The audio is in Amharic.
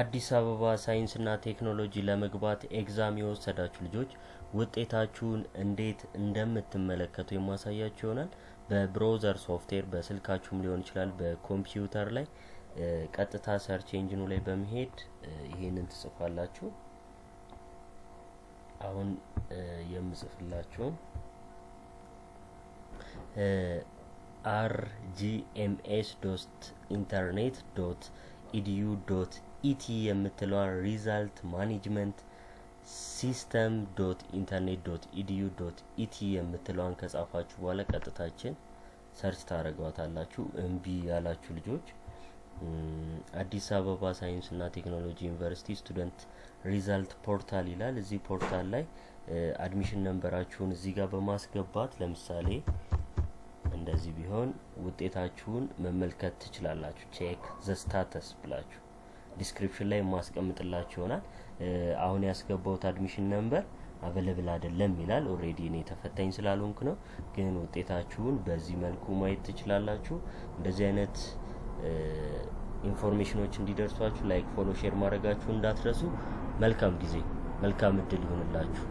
አዲስ አበባ ሳይንስና ቴክኖሎጂ ለመግባት ኤግዛም የወሰዳችሁ ልጆች ውጤታችሁን እንዴት እንደምትመለከቱ የማሳያችሁ ይሆናል። በብሮዘር ሶፍትዌር በስልካችሁም ሊሆን ይችላል፣ በኮምፒውተር ላይ ቀጥታ ሰርች ኤንጂኑ ላይ በመሄድ ይሄንን ትጽፋላችሁ። አሁን የምጽፍላችሁ አርጂኤምኤስ ዶት ኢንተርኔት ዶት ኢዲዩ ዶት ኢቲ የምትለዋን ሪዛልት ማኔጅመንት ሲስተም ዶት ኢንተርኔት ዶት ኢዲዩ ዶት ኢቲ የምትለዋን ከጻፋችሁ በኋላ ቀጥታችን ሰርች ታደረጓታላችሁ። እምቢ ያላችሁ ልጆች አዲስ አበባ ሳይንስና ቴክኖሎጂ ዩኒቨርሲቲ ስቱደንት ሪዛልት ፖርታል ይላል። እዚህ ፖርታል ላይ አድሚሽን ነንበራችሁን እዚህ ጋር በማስገባት ለምሳሌ እንደዚህ ቢሆን ውጤታችሁን መመልከት ትችላላችሁ። ቼክ ዘ ስታተስ ብላችሁ ዲስክሪፕሽን ላይ ማስቀምጥላችሁ ይሆናል። አሁን ያስገባውት አድሚሽን ነምበር አቬለብል አይደለም ይላል። ኦሬዲ እኔ ተፈታኝ ስላልሆንኩ ነው። ግን ውጤታችሁን በዚህ መልኩ ማየት ትችላላችሁ። እንደዚህ አይነት ኢንፎርሜሽኖች እንዲደርሷችሁ ላይክ፣ ፎሎ፣ ሼር ማድረጋችሁ እንዳትረሱ። መልካም ጊዜ፣ መልካም እድል ይሆንላችሁ።